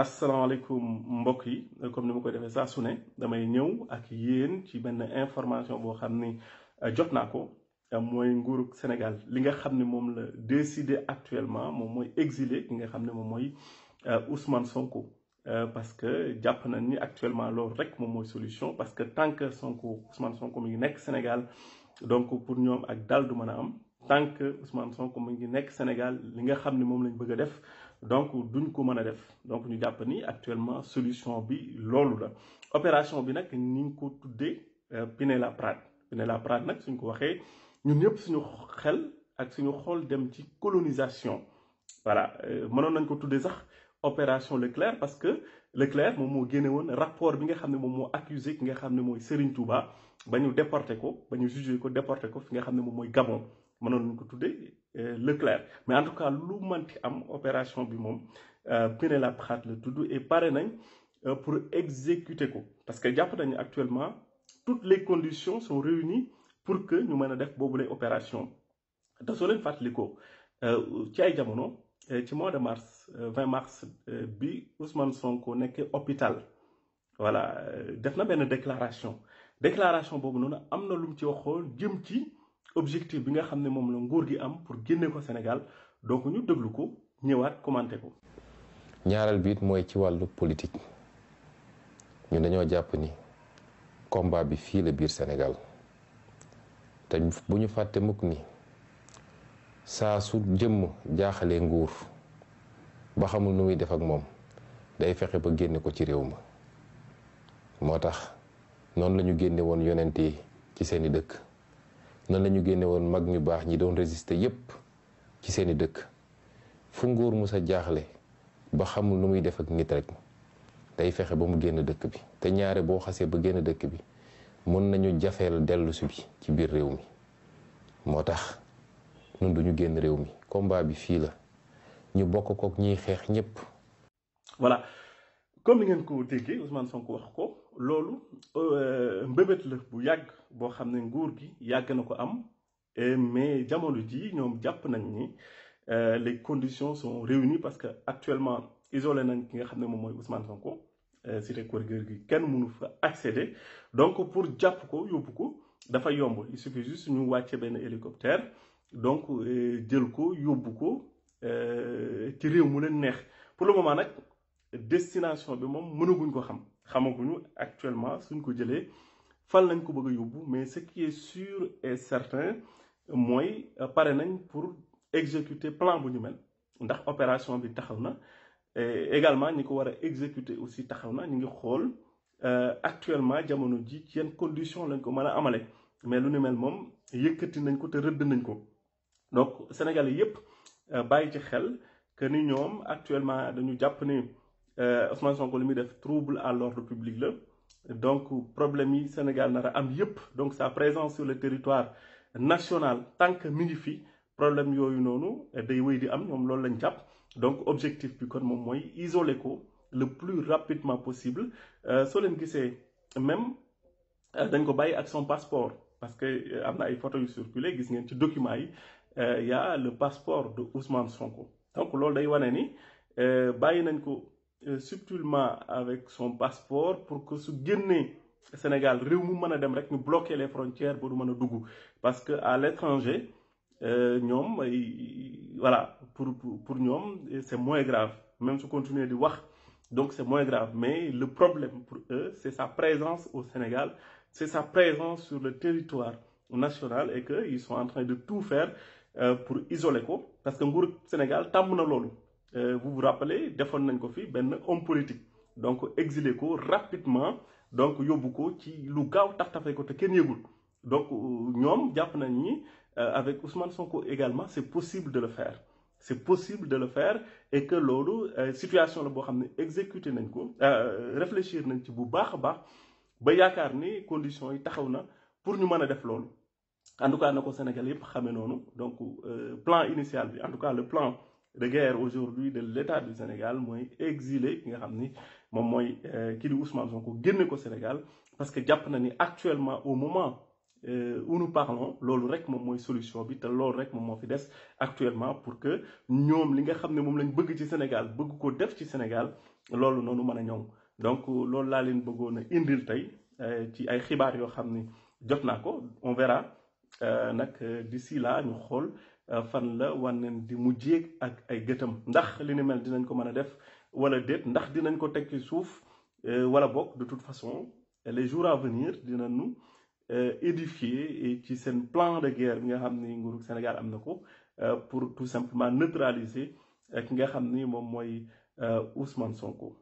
asalaamaaleykum mbokk yi comme ni ma koy defee saa su damay ñëw ak yeen ci ben information bo xam euh, jotnako euh, moy nguru Sénégal li nga xam mom la décidé actuellement mom moy exilé ki nga xam mom moy euh, Ousmane Sonko. parce que japp nañ ni actuellement lool rek mom moy solution parce que tant que Sonko Ousmane Sonko mi ngi nekk Sénégal donc pour ñom ak dal du mëna am tant que Ousmane Sonko mi ngi nek Sénégal li nga xam mom lañ bëgg def donc duñ ko mëna a def donc ñu japp ni actuellement solution bi loolu la opération bi nak ni ko tuddee euh, Pinet-Laprade Pinet-Laprade nag suñ ko waxé ñun ñëpp suñu xel ak suñu xol dem ci colonisation voilà euh, mënon nañ ko tuddee sax opération Leclerc parce que Leclerc moom moo génne woon rapport bi nga xamné ne moom accusé nga xamné moy Serigne Touba bañu déporter ko bañu juger jugé ko déporter ko fi nga xamné mom moy mooy Gabon nous ko clair euh, Leclerc mais en tout cas lu manti am opération bi moom euh, pinet prendre la tudd et paré nañ euh, pour exécuter ko parce que actuellement toutes les conditions sont réunies pour que nous mën faire def bobu lay opération te soo leen fàttalikoo ci ay jamono ci mois de mars 20 mars bi Ousmane Sonko nekkee hôpital voilà def na une déclaration déclaration bobu non amna lu ci waxo jëm ci. objectif bi nga xam ne moom la nguur gi am pour génne ko Sénégal donc ñu déglu ko ñëwaat commenté ko. ñaareel bi mooy ci wàllu politique ñu dañoo jàpp ni combat bi fii la biir Sénégal te bu ñu fàtte mukk ni saa su jëmm jaaxalee nguur ba xamul nu muy def ak moom day fexe ba génne ko ci réew ma moo tax noonu la ñu génne woon yonent yi ci seeni dëkk. nan la ñu génne woon mag ñu baax ñi doon résister yépp ci seeni dëkk fu nguur mu sa jaaxle ba xamul nu muy def ak nit rek day fexe ba mu génn dëkk bi te ñaare boo xasee ba génn dëkk bi mën nañu jafeel dellusi bi ci biir réew mi moo tax nun duñu génn réew mi combat bi fii la ñu bokk kook ñuy xeex ñépp voilà comme ni ngeen ko déggee Ousmane Sonko wax ko loolu euh, mbébét la bu yàgg bo xamné nguur gi yàgg ko am mais jamono ji ñom japp nañ ni euh, les conditions sont réunies parce que actuellement isolé nañ ki nga xamné mom moy Ousmane Sonko euh, cité Keur Gorgui kenn mënu fa accéder donc pour japp ko yobbu ko dafa yomb il suffit juste ñu wàcce ben hélicoptère donc jël ko yobbu ko ci réew mu leen neex pour le moment nak destination bi mënu guñ ko xam xamaguñu actuellement suñ ko jëlé fan lañ ko bëgg a mais ce qui est sûr et certain moy euh, paré nañ pour exécuter plan bu ñu mel ndax opération bi taxaw na également ñi ko wara exécuter aussi taxaw na ñi ngi euh, actuellement jamono ji ci yan condition lañ ko mëna amalé mais lu ni mel mom yëkëti nañ ko te rëdd nañ ko donc Sénégalais yépp euh, bàyyi ci xel que ni ñoom actuellement dañu japp ni euh, Ousmane Sonko lui eu def trouble à l'ordre public Donc, donc problème yi Sénégal nara am donc sa présence sur le territoire national tant que minifi problème yoyu noonu eh, day wéy di am donc objectif bi kon isoler le plus rapidement possible euh, so leen gisee même euh, dañ ko baye ak son passeport parce que y a des photos yu il gis ngeen ci documents il y a le passeport de Ousmane Sonko donc loolu day wane ni baye nañ ko. Euh, subtilement avec son passeport pour que ce génnee Sénégal rew mu bloquer les frontières pour meuna parce que à l'étranger euh, voilà pour pour c'est moins grave même si continuer de wax donc c'est moins grave mais le problème pour eux c'est sa présence au Sénégal c'est sa présence sur le territoire national et qu'ils sont en train de tout faire euh, pour isoler ko parce que le Sénégal tàmm na euh, vous vous rappelez defoon nañ ko fi homme politique donc exilé ko rapidement donc yóbbu ko ci lu gaaw tax et ko te kenn donc nous, jàpp nañ ni euh, avec Ousmane Sonko également c'est possible de le faire c'est possible de le faire et que loolu euh, situation la bohame exécuter ne nañ ko réfléchir nañ ci bu a baax ba conditions yi pour nous mën def en tout cas nous Sénégal yépp xamee noonu donc plan initial en tout cas le plan de guerre aujourd'hui de l'état du Sénégal mooy exilé ki nga xam ni moom mooy euh, kii di Ousmane Sonko génne ko Sénégal parce que jàpp na ni actuellement au moment euh, où nous parlons loolu rek moom mooy solution bi te loolu rek moom moo actuellement pour que nous li nga xam ne moom lañ ci Sénégal bëgg ko def ci Sénégal loolu non nous a donc loolu là leen bëggoon a indil tay, euh, ci ay xibaar yoo xam ni jot on verra nak d'ici là ñu xool. Euh, fan la wànnen di ak ay gëtam ndax li mel wala ndax dinañ euh, wala de toute façon les jours à venir dis-nous, euh, édifier ci un plan de guerre nga xamni Sénégal pour tout simplement neutraliser ki nga xamni mon moy Ousmane Sonko